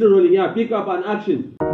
literally, yeah, pick up an action.